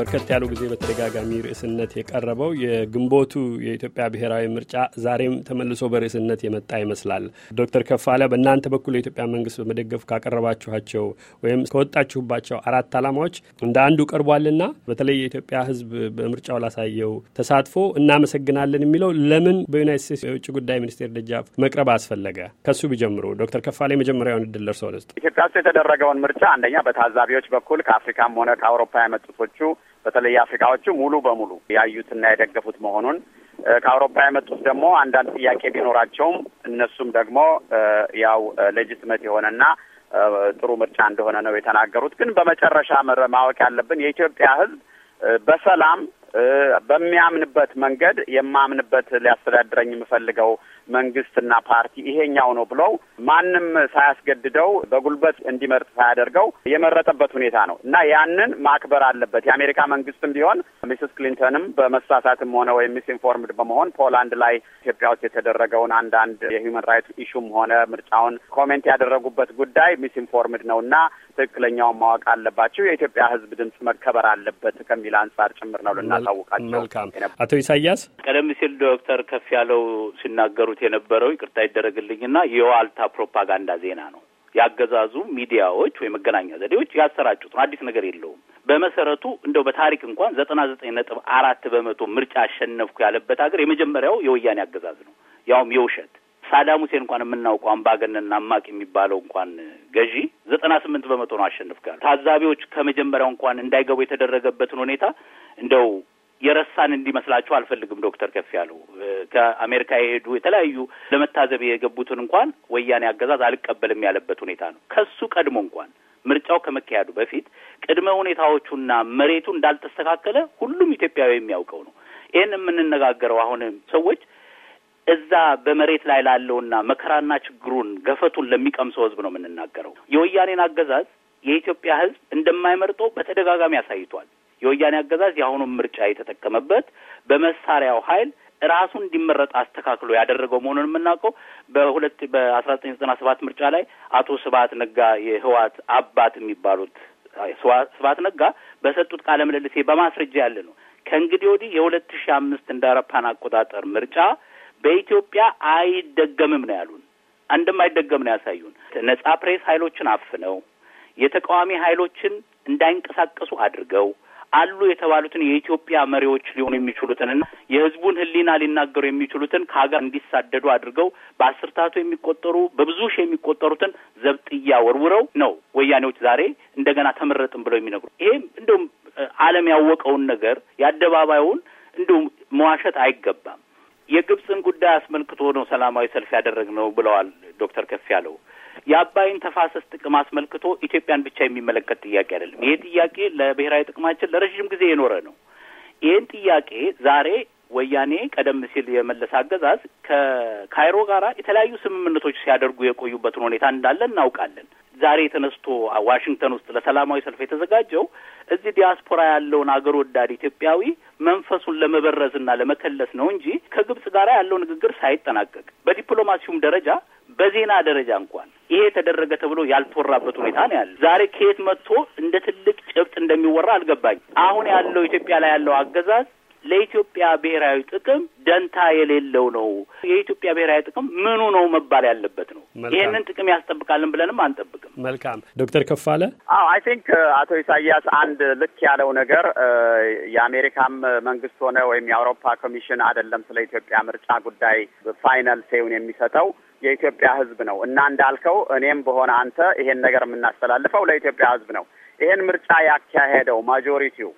በርከት ያሉ ጊዜ በተደጋጋሚ ርዕስነት የቀረበው የግንቦቱ የኢትዮጵያ ብሔራዊ ምርጫ ዛሬም ተመልሶ በርዕስነት የመጣ ይመስላል። ዶክተር ከፋለ በእናንተ በኩል የኢትዮጵያ መንግስት በመደገፍ ካቀረባችኋቸው ወይም ከወጣችሁባቸው አራት ዓላማዎች እንደ አንዱ ቀርቧልና በተለይ የኢትዮጵያ ሕዝብ በምርጫው ላሳየው ተሳትፎ እናመሰግናለን የሚለው ለምን በዩናይት ስቴትስ የውጭ ጉዳይ ሚኒስቴር ደጃፍ መቅረብ አስፈለገ? ከሱ ቢጀምሩ ዶክተር ከፋለ የመጀመሪያውን እድል ደርሰው ኢትዮጵያ ውስጥ የተደረገውን ምርጫ አንደኛ በታዛቢዎች በኩል ከአፍሪካም ሆነ ከአውሮፓ የመጡቶቹ በተለይ አፍሪካዎቹ ሙሉ በሙሉ ያዩትና የደገፉት መሆኑን ከአውሮፓ የመጡት ደግሞ አንዳንድ ጥያቄ ቢኖራቸውም እነሱም ደግሞ ያው ሌጅትመት የሆነና ጥሩ ምርጫ እንደሆነ ነው የተናገሩት። ግን በመጨረሻ ማወቅ ያለብን የኢትዮጵያ ሕዝብ በሰላም በሚያምንበት መንገድ የማምንበት ሊያስተዳድረኝ የምፈልገው መንግስትና ፓርቲ ይሄኛው ነው ብለው ማንም ሳያስገድደው በጉልበት እንዲመርጥ ሳያደርገው የመረጠበት ሁኔታ ነው እና ያንን ማክበር አለበት። የአሜሪካ መንግስትም ቢሆን ሚስስ ክሊንተንም በመሳሳትም ሆነ ወይም ሚስ ኢንፎርምድ በመሆን ፖላንድ ላይ ኢትዮጵያ ውስጥ የተደረገውን አንዳንድ የሂውማን ራይት ኢሹም ሆነ ምርጫውን ኮሜንት ያደረጉበት ጉዳይ ሚስ ኢንፎርምድ ነው እና ትክክለኛውን ማወቅ አለባቸው። የኢትዮጵያ ሕዝብ ድምጽ መከበር አለበት ከሚል አንጻር ጭምር ነው ልናሳውቃቸው። መልካም አቶ ኢሳያስ፣ ቀደም ሲል ዶክተር ከፍ ያለው ሲናገሩት የነበረው ይቅርታ ይደረግልኝና የዋልታ ፕሮፓጋንዳ ዜና ነው። ያገዛዙ ሚዲያዎች ወይ መገናኛ ዘዴዎች ያሰራጩት ነው። አዲስ ነገር የለውም። በመሰረቱ እንደው በታሪክ እንኳን ዘጠና ዘጠኝ ነጥብ አራት በመቶ ምርጫ አሸነፍኩ ያለበት ሀገር የመጀመሪያው የወያኔ አገዛዝ ነው፣ ያውም የውሸት ሳዳም ሁሴን እንኳን የምናውቀው አምባገነንና አማቅ የሚባለው እንኳን ገዢ ዘጠና ስምንት በመቶ ነው አሸንፍ ጋር ታዛቢዎች ከመጀመሪያው እንኳን እንዳይገቡ የተደረገበትን ሁኔታ እንደው የረሳን እንዲመስላችሁ አልፈልግም። ዶክተር ከፍ ያለው ከአሜሪካ የሄዱ የተለያዩ ለመታዘብ የገቡትን እንኳን ወያኔ አገዛዝ አልቀበልም ያለበት ሁኔታ ነው። ከሱ ቀድሞ እንኳን ምርጫው ከመካሄዱ በፊት ቅድመ ሁኔታዎቹና መሬቱ እንዳልተስተካከለ ሁሉም ኢትዮጵያዊ የሚያውቀው ነው። ይህን የምንነጋገረው አሁን ሰዎች ለዛ በመሬት ላይ ላለውና መከራና ችግሩን ገፈቱን ለሚቀምሰው ህዝብ ነው የምንናገረው። የወያኔን አገዛዝ የኢትዮጵያ ህዝብ እንደማይመርጠው በተደጋጋሚ አሳይቷል። የወያኔ አገዛዝ የአሁኑን ምርጫ የተጠቀመበት በመሳሪያው ኃይል ራሱን እንዲመረጥ አስተካክሎ ያደረገው መሆኑን የምናውቀው በሁለት በአስራ ዘጠኝ ዘጠና ሰባት ምርጫ ላይ አቶ ስብሀት ነጋ የህወሓት አባት የሚባሉት ስብሀት ነጋ በሰጡት ቃለ ምልልሴ በማስረጃ ያለ ነው። ከእንግዲህ ወዲህ የሁለት ሺ አምስት እንደ አውሮፓውያን አቆጣጠር ምርጫ በኢትዮጵያ አይደገምም ነው ያሉን። አንድም አይደገም ነው ያሳዩን። ነጻ ፕሬስ ኃይሎችን አፍነው የተቃዋሚ ኃይሎችን እንዳይንቀሳቀሱ አድርገው አሉ የተባሉትን የኢትዮጵያ መሪዎች ሊሆኑ የሚችሉትንና የሕዝቡን ሕሊና ሊናገሩ የሚችሉትን ከሀገር እንዲሳደዱ አድርገው በአስርታቱ የሚቆጠሩ በብዙ ሺህ የሚቆጠሩትን ዘብጥያ ወርውረው ነው ወያኔዎች ዛሬ እንደገና ተመረጥን ብለው የሚነግሩ። ይሄ እንደውም ዓለም ያወቀውን ነገር የአደባባዩን እንደውም መዋሸት አይገባም። የግብፅን ጉዳይ አስመልክቶ ነው ሰላማዊ ሰልፍ ያደረግነው ብለዋል ዶክተር ከፍ ያለው። የአባይን ተፋሰስ ጥቅም አስመልክቶ ኢትዮጵያን ብቻ የሚመለከት ጥያቄ አይደለም። ይህ ጥያቄ ለብሔራዊ ጥቅማችን ለረዥም ጊዜ የኖረ ነው። ይህን ጥያቄ ዛሬ ወያኔ ቀደም ሲል የመለስ አገዛዝ ከካይሮ ጋር የተለያዩ ስምምነቶች ሲያደርጉ የቆዩበትን ሁኔታ እንዳለ እናውቃለን። ዛሬ ተነስቶ ዋሽንግተን ውስጥ ለሰላማዊ ሰልፍ የተዘጋጀው እዚህ ዲያስፖራ ያለውን አገር ወዳድ ኢትዮጵያዊ መንፈሱን ለመበረዝና ለመከለስ ነው እንጂ ከግብጽ ጋር ያለው ንግግር ሳይጠናቀቅ በዲፕሎማሲውም ደረጃ በዜና ደረጃ እንኳን ይሄ ተደረገ ተብሎ ያልተወራበት ሁኔታ ነው ያለ። ዛሬ ከየት መጥቶ እንደ ትልቅ ጭብጥ እንደሚወራ አልገባኝ። አሁን ያለው ኢትዮጵያ ላይ ያለው አገዛዝ ለኢትዮጵያ ብሔራዊ ጥቅም ደንታ የሌለው ነው። የኢትዮጵያ ብሔራዊ ጥቅም ምኑ ነው መባል ያለበት ነው። ይህንን ጥቅም ያስጠብቃልን ብለንም አንጠብቅም። መልካም ዶክተር ከፋለ አዎ፣ አይ ቲንክ አቶ ኢሳያስ አንድ ልክ ያለው ነገር የአሜሪካም መንግስት ሆነ ወይም የአውሮፓ ኮሚሽን አይደለም ስለ ኢትዮጵያ ምርጫ ጉዳይ ፋይናል ሴውን የሚሰጠው የኢትዮጵያ ህዝብ ነው እና እንዳልከው እኔም በሆነ አንተ ይሄን ነገር የምናስተላልፈው ለኢትዮጵያ ህዝብ ነው። ይሄን ምርጫ ያካሄደው ማጆሪቲው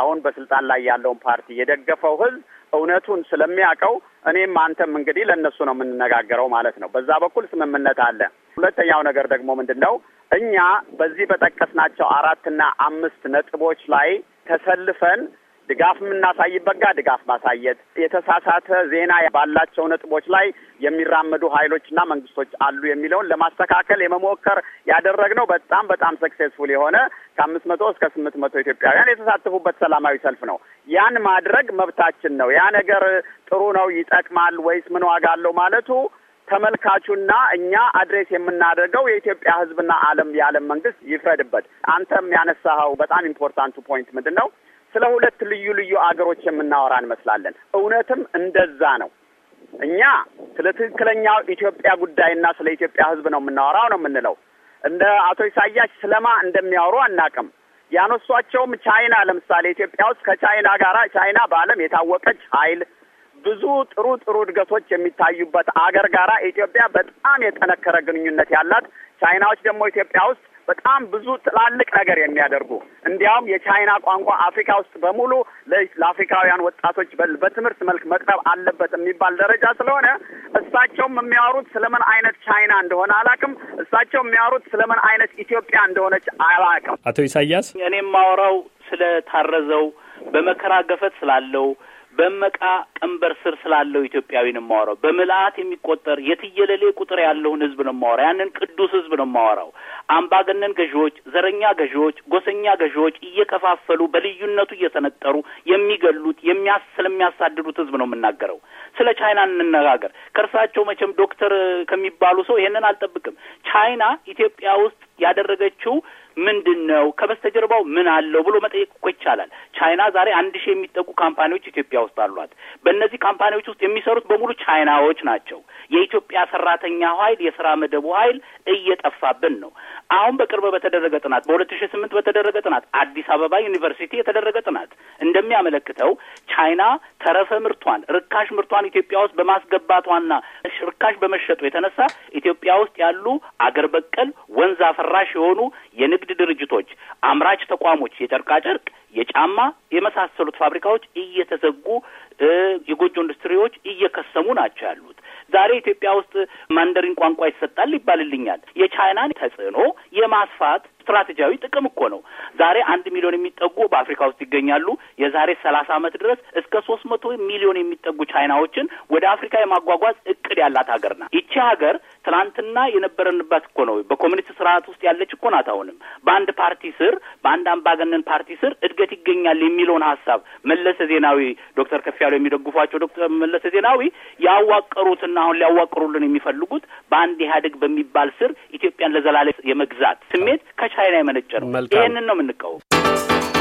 አሁን በስልጣን ላይ ያለውን ፓርቲ የደገፈው ህዝብ እውነቱን ስለሚያውቀው እኔም አንተም እንግዲህ ለእነሱ ነው የምንነጋገረው ማለት ነው። በዛ በኩል ስምምነት አለ። ሁለተኛው ነገር ደግሞ ምንድን ነው? እኛ በዚህ በጠቀስናቸው አራትና አምስት ነጥቦች ላይ ተሰልፈን ድጋፍ የምናሳይበት ጋር ድጋፍ ማሳየት፣ የተሳሳተ ዜና ባላቸው ነጥቦች ላይ የሚራመዱ ኃይሎችና መንግስቶች አሉ የሚለውን ለማስተካከል የመሞከር ያደረግነው በጣም በጣም ሰክሴስፉል የሆነ ከአምስት መቶ እስከ ስምንት መቶ ኢትዮጵያውያን የተሳተፉበት ሰላማዊ ሰልፍ ነው። ያን ማድረግ መብታችን ነው። ያ ነገር ጥሩ ነው፣ ይጠቅማል ወይስ ምን ዋጋ አለው ማለቱ ተመልካቹና እኛ አድሬስ የምናደርገው የኢትዮጵያ ሕዝብና ዓለም የዓለም መንግስት ይፍረድበት። አንተም ያነሳኸው በጣም ኢምፖርታንቱ ፖይንት ምንድን ነው? ስለ ሁለት ልዩ ልዩ አገሮች የምናወራ እንመስላለን። እውነትም እንደዛ ነው። እኛ ስለ ትክክለኛው ኢትዮጵያ ጉዳይና ስለ ኢትዮጵያ ሕዝብ ነው የምናወራው ነው የምንለው። እንደ አቶ ኢሳያስ ስለማ እንደሚያወሩ አናቅም። ያነሷቸውም ቻይና ለምሳሌ ኢትዮጵያ ውስጥ ከቻይና ጋራ ቻይና በዓለም የታወቀች ኃይል ብዙ ጥሩ ጥሩ እድገቶች የሚታዩበት አገር ጋራ ኢትዮጵያ በጣም የጠነከረ ግንኙነት ያላት ቻይናዎች ደግሞ ኢትዮጵያ ውስጥ በጣም ብዙ ትላልቅ ነገር የሚያደርጉ እንዲያውም የቻይና ቋንቋ አፍሪካ ውስጥ በሙሉ ለአፍሪካውያን ወጣቶች በትምህርት መልክ መቅረብ አለበት የሚባል ደረጃ ስለሆነ እሳቸውም የሚያወሩት ስለምን አይነት ቻይና እንደሆነ አላውቅም። እሳቸው የሚያወሩት ስለምን አይነት ኢትዮጵያ እንደሆነች አላውቅም። አቶ ኢሳያስ እኔ የማወራው ስለታረዘው በመከራ ገፈት ስላለው በመቃ ቀንበር ስር ስላለው ኢትዮጵያዊ ነው የማወራው። በምልአት የሚቆጠር የትየለሌ ቁጥር ያለውን ህዝብ ነው የማወራው። ያንን ቅዱስ ህዝብ ነው የማወራው። አምባገነን ገዢዎች፣ ዘረኛ ገዢዎች፣ ጎሰኛ ገዢዎች እየከፋፈሉ በልዩነቱ እየተነጠሩ የሚገሉት የሚያስ ስለሚያሳድዱት ህዝብ ነው የምናገረው። ስለ ቻይና እንነጋገር። ከእርሳቸው መቼም ዶክተር ከሚባሉ ሰው ይሄንን አልጠብቅም። ቻይና ኢትዮጵያ ውስጥ ያደረገችው ምንድን ነው? ከበስተጀርባው ምን አለው ብሎ መጠየቅ እኮ ይቻላል። ቻይና ዛሬ አንድ ሺህ የሚጠጉ ካምፓኒዎች ኢትዮጵያ ውስጥ አሏት። በእነዚህ ካምፓኒዎች ውስጥ የሚሰሩት በሙሉ ቻይናዎች ናቸው። የኢትዮጵያ ሰራተኛ ኃይል የስራ መደቡ ኃይል እየጠፋብን ነው። አሁን በቅርብ በተደረገ ጥናት በሁለት ሺህ ስምንት በተደረገ ጥናት አዲስ አበባ ዩኒቨርሲቲ የተደረገ ጥናት እንደሚያመለክተው ቻይና ተረፈ ምርቷን ርካሽ ምርቷን ኢትዮጵያ ውስጥ በማስገባቷና ርካሽ በመሸጡ የተነሳ ኢትዮጵያ ውስጥ ያሉ አገር በቀል ወንዝ አፈራሽ የሆኑ የንግድ ድርጅቶች፣ አምራች ተቋሞች፣ የጨርቃጨርቅ፣ የጫማ የመሳሰሉት ፋብሪካዎች እየተዘጉ የጎጆ ኢንዱስትሪዎች እየከሰሙ ናቸው ያሉት። ዛሬ ኢትዮጵያ ውስጥ ማንደሪን ቋንቋ ይሰጣል ይባልልኛል። የቻይናን ተጽዕኖ የማስፋት ስትራቴጂያዊ ጥቅም እኮ ነው። ዛሬ አንድ ሚሊዮን የሚጠጉ በአፍሪካ ውስጥ ይገኛሉ። የዛሬ ሰላሳ ዓመት ድረስ እስከ ሶስት መቶ ሚሊዮን የሚጠጉ ቻይናዎችን ወደ አፍሪካ የማጓጓዝ እቅድ ያላት ሀገር ናት። ይቺ ሀገር ትናንትና የነበረንባት እኮ ነው። በኮሚኒስት ስርዓት ውስጥ ያለች እኮ ናት። አሁንም በአንድ ፓርቲ ስር፣ በአንድ አምባገነን ፓርቲ ስር እድገት ይገኛል የሚለውን ሀሳብ መለሰ ዜናዊ፣ ዶክተር ከፍያለው የሚደግፏቸው ዶክተር መለሰ ዜናዊ ያዋቀሩትና አሁን ሊያዋቅሩልን የሚፈልጉት በአንድ ኢህአዴግ በሚባል ስር ኢትዮጵያን ለዘላለም የመግዛት ስሜት ከቻይና የመነጨ ነው። ይህንን ነው የምንቃወም።